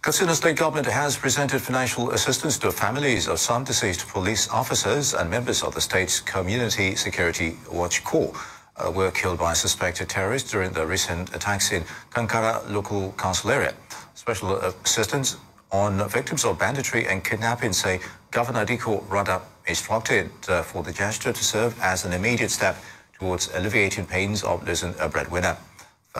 Kasuna state government has presented financial assistance to families of some deceased police officers and members of the state's community security watch corps uh, were killed by suspected terrorists during the recent attacks in Kankara local council area. Special assistance on victims of banditry and kidnapping say Governor Diko Rada instructed uh, for the gesture to serve as an immediate step towards alleviating pains of losing a breadwinner.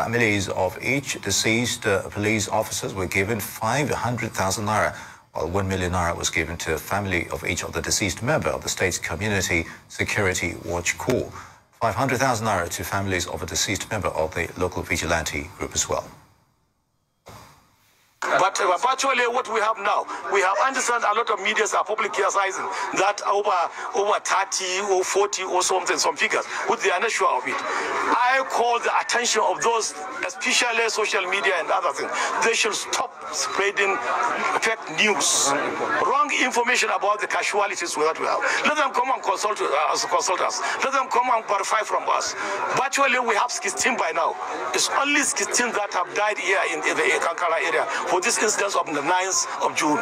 Families of each deceased uh, police officers were given 500,000 naira, while 1 million naira was given to a family of each of the deceased member of the state's Community Security Watch Corps. 500,000 naira to families of a deceased member of the local vigilante group as well. But, uh, virtually what we have now, we have understand a lot of medias are publicizing that over over 30 or 40 or something, some figures, but they are not sure of it. I call the attention of those, especially social media and other things. They should stop spreading fake news, wrong information about the casualties that we have. Let them come and consult us, uh, consult us. Let them come and verify from us. Virtually we have 16 by now. It's only 16 that have died here in, in the Kankara area for this instance of the 9th of June.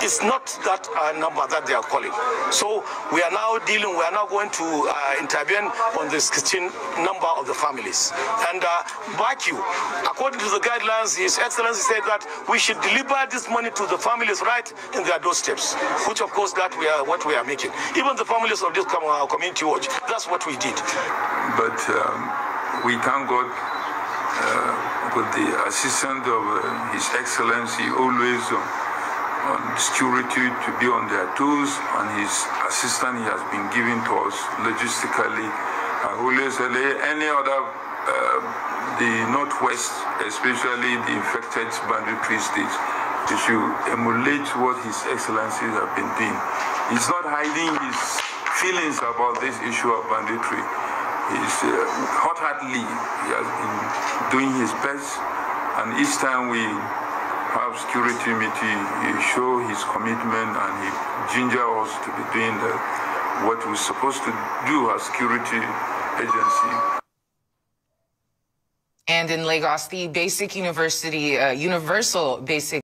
It's not that uh, number that they are calling. So we are now dealing, we are now going to uh, intervene on this kitchen number of the families. And uh, you, according to the guidelines, His Excellency said that we should deliver this money to the families right in their doorsteps, which of course that we are what we are making. Even the families of this uh, community watch, that's what we did. But um, we thank God with the assistance of uh, His Excellency always uh, on security to be on their toes and his assistance he has been giving to us logistically. I always say any other, uh, the Northwest, especially the infected banditry states, they should emulate what His Excellencies have been doing. He's not hiding his feelings about this issue of banditry. He's uh, he has been doing his best, and each time we have security meeting, he show his commitment and he ginger us to be doing the, what we're supposed to do as security agency. And in Lagos, the basic university, uh, universal basic